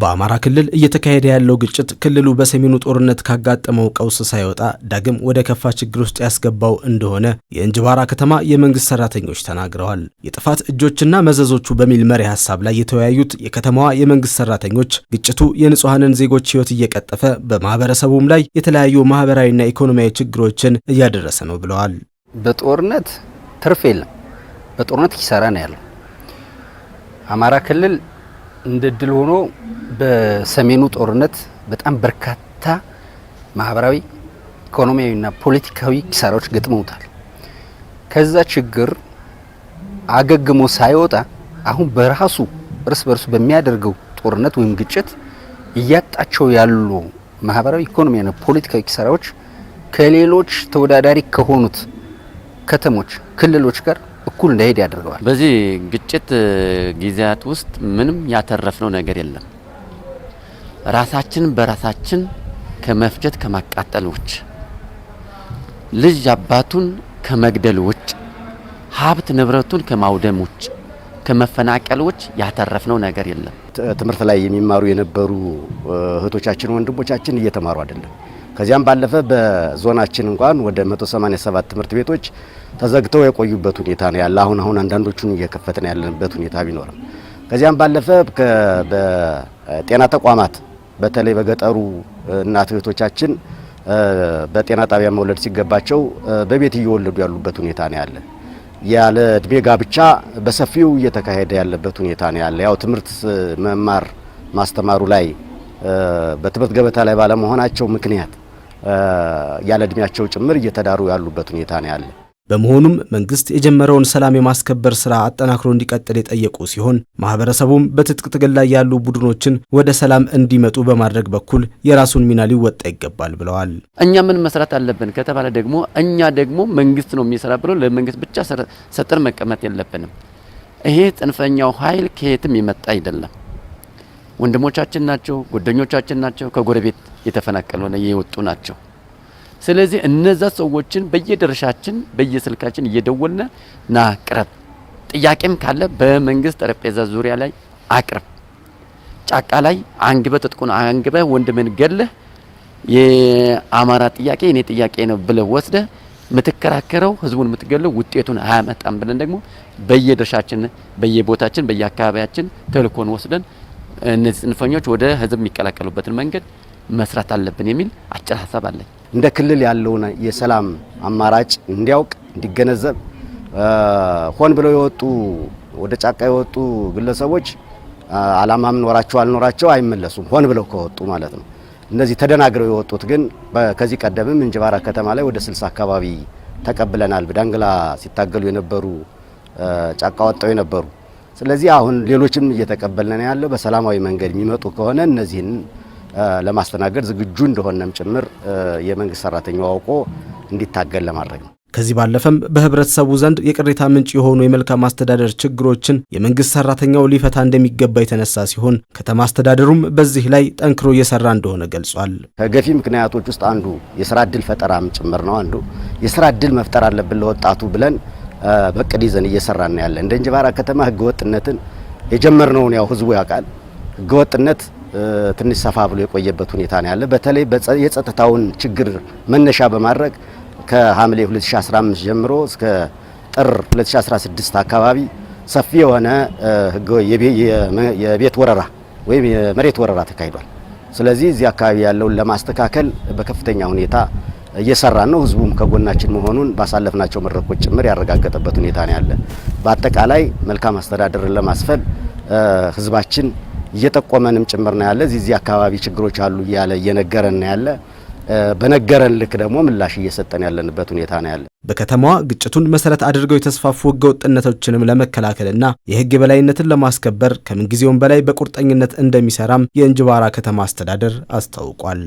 በአማራ ክልል እየተካሄደ ያለው ግጭት ክልሉ በሰሜኑ ጦርነት ካጋጠመው ቀውስ ሳይወጣ ዳግም ወደ ከፋ ችግር ውስጥ ያስገባው እንደሆነ የእንጅባራ ከተማ የመንግስት ሰራተኞች ተናግረዋል። የጥፋት እጆችና መዘዞቹ በሚል መሪ ሀሳብ ላይ የተወያዩት የከተማዋ የመንግስት ሰራተኞች ግጭቱ የንጹሐንን ዜጎች ህይወት እየቀጠፈ በማህበረሰቡም ላይ የተለያዩ ማህበራዊና ኢኮኖሚያዊ ችግሮችን እያደረሰ ነው ብለዋል። በጦርነት ትርፍ የለም። በጦርነት ኪሳራ ነው ያለው አማራ ክልል እንደ ድል ሆኖ በሰሜኑ ጦርነት በጣም በርካታ ማህበራዊ፣ ኢኮኖሚያዊና ፖለቲካዊ ኪሳራዎች ገጥመውታል። ከዛ ችግር አገግሞ ሳይወጣ አሁን በራሱ እርስ በርሱ በሚያደርገው ጦርነት ወይም ግጭት እያጣቸው ያሉ ማህበራዊ፣ ኢኮኖሚያዊና ፖለቲካዊ ኪሳራዎች ከሌሎች ተወዳዳሪ ከሆኑት ከተሞች፣ ክልሎች ጋር እኩል እንዳይሄድ ያደርገዋል። በዚህ ግጭት ጊዜያት ውስጥ ምንም ያተረፍነው ነገር የለም። ራሳችን በራሳችን ከመፍጀት ከማቃጠል ውጭ ልጅ አባቱን ከመግደል ውጭ ሀብት ንብረቱን ከማውደም ውጭ ከመፈናቀል ውጭ ያተረፍነው ነገር የለም። ትምህርት ላይ የሚማሩ የነበሩ እህቶቻችን ወንድሞቻችን እየተማሩ አይደለም። ከዚያም ባለፈ በዞናችን እንኳን ወደ 187 ትምህርት ቤቶች ተዘግተው የቆዩበት ሁኔታ ነው ያለ። አሁን አሁን አንዳንዶቹን እየከፈትን ያለንበት ሁኔታ ቢኖርም ከዚያም ባለፈ በጤና ተቋማት በተለይ በገጠሩ እናት እህቶቻችን በጤና ጣቢያ መውለድ ሲገባቸው በቤት እየወለዱ ያሉበት ሁኔታ ነው ያለ። ያለ እድሜ ጋብቻ በሰፊው እየተካሄደ ያለበት ሁኔታ ነው ያለ። ያው ትምህርት መማር ማስተማሩ ላይ በትምህርት ገበታ ላይ ባለመሆናቸው ምክንያት ያለ እድሜያቸው ጭምር እየተዳሩ ያሉበት ሁኔታ ነው ያለ። በመሆኑም መንግስት የጀመረውን ሰላም የማስከበር ስራ አጠናክሮ እንዲቀጥል የጠየቁ ሲሆን ማህበረሰቡም በትጥቅ ትግል ላይ ያሉ ቡድኖችን ወደ ሰላም እንዲመጡ በማድረግ በኩል የራሱን ሚና ሊወጣ ይገባል ብለዋል። እኛ ምን መስራት አለብን ከተባለ ደግሞ እኛ ደግሞ መንግስት ነው የሚሰራ ብሎ ለመንግስት ብቻ ሰጥር መቀመጥ የለብንም። ይሄ ጽንፈኛው ኃይል ከየትም የመጣ አይደለም። ወንድሞቻችን ናቸው፣ ጓደኞቻችን ናቸው፣ ከጎረቤት የተፈናቀሉ የወጡ ናቸው። ስለዚህ እነዛ ሰዎችን በየደረሻችን በየስልካችን እየደወልነ ና ቅረብ፣ ጥያቄም ካለ በመንግስት ጠረጴዛ ዙሪያ ላይ አቅርብ። ጫካ ላይ አንግበ ትጥቁን አንግበ ወንድምን ገለህ የአማራ ጥያቄ እኔ ጥያቄ ነው ብለህ ወስደህ የምትከራከረው ህዝቡን የምትገለው ውጤቱን አያመጣም ብለን ደግሞ በየድርሻችን በየቦታችን በየአካባቢያችን ተልእኮን ወስደን እነዚህ ጽንፈኞች ወደ ህዝብ የሚቀላቀሉበትን መንገድ መስራት አለብን የሚል አጭር ሀሳብ አለኝ። እንደ ክልል ያለውን የሰላም አማራጭ እንዲያውቅ እንዲገነዘብ ሆን ብለው የወጡ ወደ ጫካ የወጡ ግለሰቦች አላማም ኖራቸው አልኖራቸው አይመለሱም። ሆን ብለው ከወጡ ማለት ነው። እነዚህ ተደናግረው የወጡት ግን ከዚህ ቀደምም እንጅባራ ከተማ ላይ ወደ ስልሳ አካባቢ ተቀብለናል። በዳንግላ ሲታገሉ የነበሩ ጫካ ወጣው የነበሩ ስለዚህ አሁን ሌሎችም እየተቀበልን ያለው በሰላማዊ መንገድ የሚመጡ ከሆነ እነዚህን ለማስተናገድ ዝግጁ እንደሆነም ጭምር የመንግስት ሰራተኛው አውቆ እንዲታገል ለማድረግ ነው። ከዚህ ባለፈም በህብረተሰቡ ዘንድ የቅሬታ ምንጭ የሆኑ የመልካም አስተዳደር ችግሮችን የመንግስት ሰራተኛው ሊፈታ እንደሚገባ የተነሳ ሲሆን ከተማ አስተዳደሩም በዚህ ላይ ጠንክሮ እየሰራ እንደሆነ ገልጿል። ከገፊ ምክንያቶች ውስጥ አንዱ የስራ እድል ፈጠራም ጭምር ነው። አንዱ የስራ እድል መፍጠር አለብን ለወጣቱ ብለን በቅድ ይዘን እየሰራን ያለ እንደ እንጅባራ ከተማ ህገወጥነትን የጀመርነውን ያው ህዝቡ ያውቃል ህገወጥነት ትንሽ ሰፋ ብሎ የቆየበት ሁኔታ ነው ያለ። በተለይ የጸጥታውን ችግር መነሻ በማድረግ ከሐምሌ 2015 ጀምሮ እስከ ጥር 2016 አካባቢ ሰፊ የሆነ የቤት ወረራ ወይም የመሬት ወረራ ተካሂዷል። ስለዚህ እዚህ አካባቢ ያለውን ለማስተካከል በከፍተኛ ሁኔታ እየሰራን ነው። ህዝቡም ከጎናችን መሆኑን ባሳለፍናቸው መድረኮች ጭምር ያረጋገጠበት ሁኔታ ነው ያለ። በአጠቃላይ መልካም አስተዳደርን ለማስፈን ህዝባችን እየጠቆመንም ጭምር ነው ያለ። እዚህ እዚህ አካባቢ ችግሮች አሉ እያለ እየነገረን ነው ያለ። በነገረን ልክ ደግሞ ምላሽ እየሰጠን ያለንበት ሁኔታ ነው ያለ። በከተማዋ ግጭቱን መሰረት አድርገው የተስፋፉ ህገ ህገወጥነቶችንም ለመከላከልና የህግ የበላይነትን ለማስከበር ከምንጊዜውም በላይ በቁርጠኝነት እንደሚሰራም የእንጅባራ ከተማ አስተዳደር አስታውቋል።